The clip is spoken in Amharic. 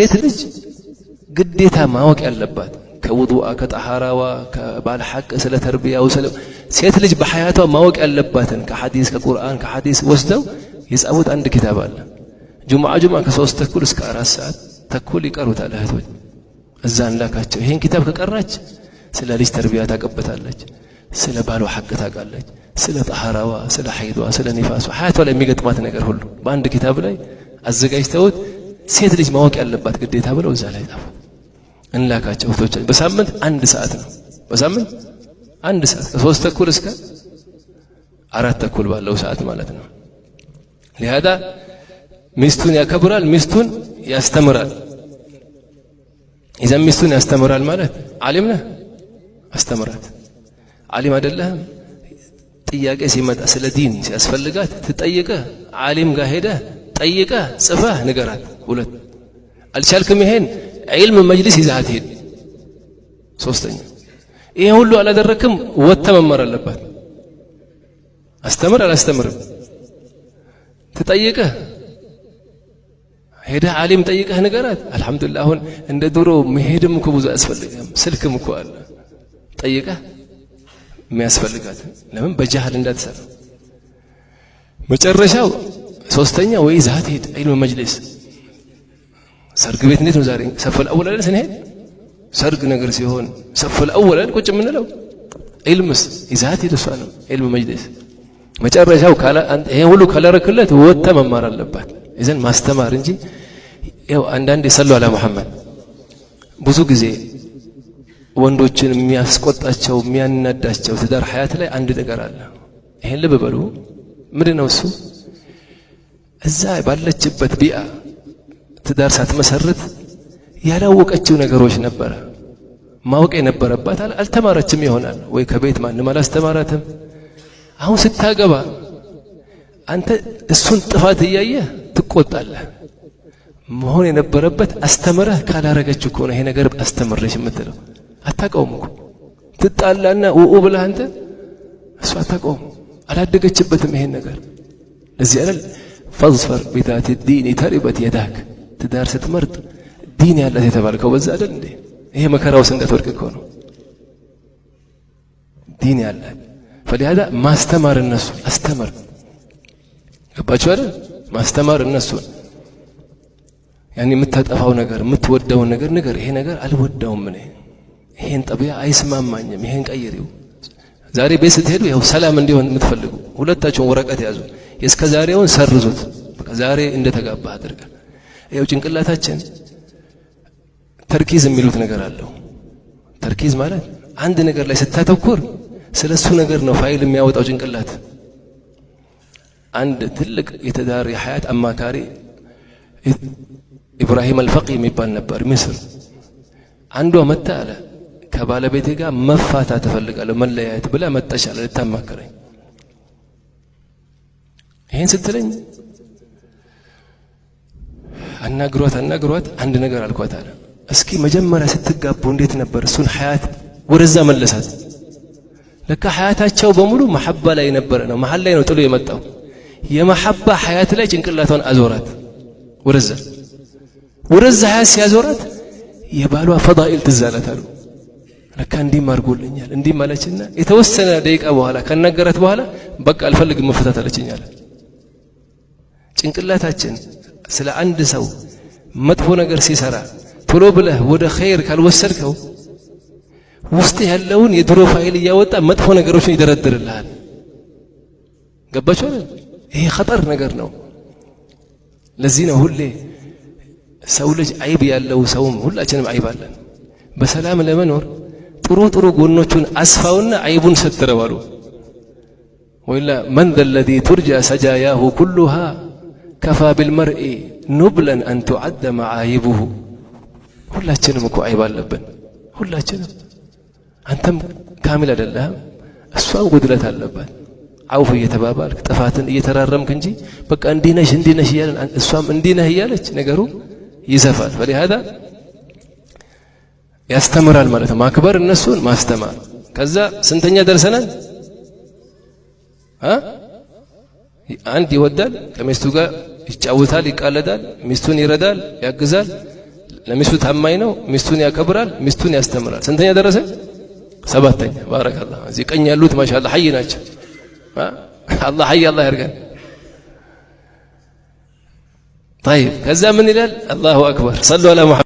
ሴት ልጅ ግዴታ ማወቅ ያለባት ከውዱአ ከጠሃራዋ ከባል ሐቅ ስለ ተርቢያው ስለ ሴት ልጅ በሐያቷ ማወቅ ያለባትን ከሐዲስ ከቁርአን ከሐዲስ ወስደው የጻፉት አንድ ኪታብ አለ። ጁምዓ ጁምዓ ከሶስት ተኩል እስከ አራት ሰዓት ተኩል ይቀሩታል እህቶች። እዛ እንላካቸው። ይህን ኪታብ ከቀራች ስለ ልጅ ተርቢያ ታቀበታለች፣ ስለ ባሏ ሐቅ ታውቃለች፣ ስለ ጠሃራዋ፣ ስለ ሐይዷ፣ ስለ ኒፋሷ ሐያቷ ላይ የሚገጥማት ነገር ሁሉ በአንድ ኪታብ ላይ አዘጋጅተውት ሴት ልጅ ማወቅ ያለባት ግዴታ ብለው እዛ ላይ ጻፉ። እንላካቸው እህቶቻችን። በሳምንት አንድ ሰዓት ነው። በሳምንት አንድ ሰዓት ከሶስት ተኩል እስከ አራት ተኩል ባለው ሰዓት ማለት ነው። ሊሃዳ ሚስቱን ያከብራል፣ ሚስቱን ያስተምራል። ይዘን ሚስቱን ያስተምራል ማለት ዓሊም ነህ አስተምራት። ዓሊም አይደለህም ጥያቄ ሲመጣ ስለ ዲን ሲያስፈልጋት ትጠይቀ ዓሊም ጋር ሄደህ ጠይቀ ጽፈህ ንገራት። ሁለት አልቻልክም፣ ይሄን ዒልም መጅልስ ይዛት ሄድ። ሶስተኛ ይሄ ሁሉ አላደረክም፣ ወጥተ መማር አለባት። አስተምር አላስተምርም ትጠይቀህ ሄደህ አሊም ጠይቀህ ንገራት። አልሐምዱሊላህ አሁን እንደ ድሮ መሄድም እኮ ብዙ አያስፈልግም። ስልክም እኮ አለ ጠይቀህ የሚያስፈልጋት ለምን በጃህል እንዳትሰራ መጨረሻው ሶስተኛ ወይ ዛት ሄድ ዒልም መጅልስ ሰርግ ቤት እንዴት ነው ዛሬ ሰፈል አወላለን ስንሄድ ሰርግ ነገር ሲሆን ሰፈል አወላል ቁጭ የምንለው ዒልምስ ይዛት ሄድ እሷ ነው ዒልም መጅልስ መጨረሻው ይሄ ሁሉ ካላረክለት ወጥተ መማር አለባት እዘን ማስተማር እንጂ ያው አንዳንድ የሰሉ አላ መሐመድ ብዙ ጊዜ ወንዶችን የሚያስቆጣቸው የሚያናዳቸው ትዳር ሀያት ላይ አንድ ነገር አለ ይሄን ልብ በሉ ምንድን ነው እሱ እዛ ባለችበት ቢያ ትዳር ሳትመሰርት ያላወቀችው ነገሮች ነበረ ማወቅ የነበረባት አልተማረችም ይሆናል ወይ ከቤት ማንም አላስተማራትም። አሁን ስታገባ አንተ እሱን ጥፋት እያየህ ትቆጣለህ። መሆን የነበረበት አስተምረህ ካላረገችው ከሆነ ይሄ ነገር አስተምረሽ የምትለው አታውቀውም እኮ ትጣላና ውኡ ብለህ አንተ እሱ አታውቀውም፣ አላደገችበትም ይሄን ነገር ለዚህ አይደል ፈዝፈር ቢዛቲ ዲን ተሪበት የዳክ ትዳር ስትመርጥ ዲን ያላት የተባልከው በዛ አይደል እንዴ? ይሄ መከራ ውስጥ እንዳትወድቅ እኮ ነው። ዲን ያላት ፈሊሃዳ ማስተማር እነሱ አስተምር ገባችሁ አይደል? ማስተማር እነሱን ያኔ የምታጠፋው ነገር የምትወደውን ነገር ንገር። ይሄ ነገር አልወደውም እኔ ይሄን ጠቢያ አይስማማኝም፣ ይሄን ቀይሪው። ዛሬ ቤት ስትሄዱ ያው ሰላም እንዲሆን የምትፈልጉ ሁለታችሁን ወረቀት ያዙ። የእስከ ዛሬውን ሰርዙት። ዛሬ እንደተጋባ አድርገ ይኸው ጭንቅላታችን ተርኪዝ የሚሉት ነገር አለው። ተርኪዝ ማለት አንድ ነገር ላይ ስታተኩር ስለ እሱ ነገር ነው ፋይል የሚያወጣው ጭንቅላት። አንድ ትልቅ የተዳር የሀያት አማካሪ ኢብራሂም አልፈቅ የሚባል ነበር ምስር። አንዷ መታ አለ ከባለቤቴ ጋር መፋታ ተፈልጋለሁ መለያየት ብላ መጠሻለ ልታማከረኝ ይህን ስትለኝ አናግሯት አናግሯት አንድ ነገር አልኳት አለ። እስኪ መጀመሪያ ስትጋቡ እንዴት ነበር? እሱን ሀያት ወደዛ መለሳት። ለካ ሀያታቸው በሙሉ መሐባ ላይ ነበረ ነው መሀል ላይ ነው ጥሎ የመጣው የመሐባ ሀያት ላይ ጭንቅላቷን አዞራት ወደዛ ወደዛ ሀያት ሲያዞራት የባሏ ፈዳኢል ትዝ አሉ። ለካ እንዲህም አድርጎልኛል እንዲህም አለችና የተወሰነ ደቂቃ በኋላ ካናገራት በኋላ በቃ አልፈልግም መፈታት አለችኛል ጭንቅላታችን ስለ አንድ ሰው መጥፎ ነገር ሲሰራ ቶሎ ብለህ ወደ ኸይር ካልወሰድከው ውስጥ ያለውን የድሮ ፋይል እያወጣ መጥፎ ነገሮችን ይደረድርልሃል። ገባችሁ? ይሄ ኸጠር ነገር ነው። ለዚህ ነው ሁሌ ሰው ልጅ አይብ ያለው ሰውም ሁላችንም አይብ አለን። በሰላም ለመኖር ጥሩ ጥሩ ጎኖቹን አስፋውና አይቡን ሰትረው አሉ ወይላ መን ዘ ለዚ ቱርጃ ሰጃያሁ ኩሉሃ ከፋ ቢልመርኢ ኑብለን አን ቱዓደ መዓይብሁ። ሁላችንም እኮ አይብ አለብን። ሁላችንም አንተም ካሚል አይደለህም፣ እሷም ጉድለት አለባት። አውፍ እየተባባልክ ጥፋትን እየተራረምክ እንጂ በቃ እንዲህ ነሽ እንዲህ እያለን እሷም እንዲህ እያለች ነገሩ ይሰፋል ፈሊሃዛ ያስተምራል ማለት ነው ማክበር፣ እነሱን ማስተማር። ከዛ ስንተኛ ደርሰናል? አንድ ይወዳል ከሚስቱ ጋር ይጫወታል፣ ይቃለዳል፣ ሚስቱን ይረዳል፣ ያግዛል። ለሚስቱ ታማኝ ነው። ሚስቱን ያከብራል፣ ሚስቱን ያስተምራል። ስንተኛ ደረሰ? ሰባተኛ። ባረከላ እዚህ ቀኝ ያሉት ማሻላ ሀይ ናቸው። አላህ ሀይ አላህ ያርጋል። طيب ከዛ ምን ይላል? አላሁ አክበር ሰሉ አላ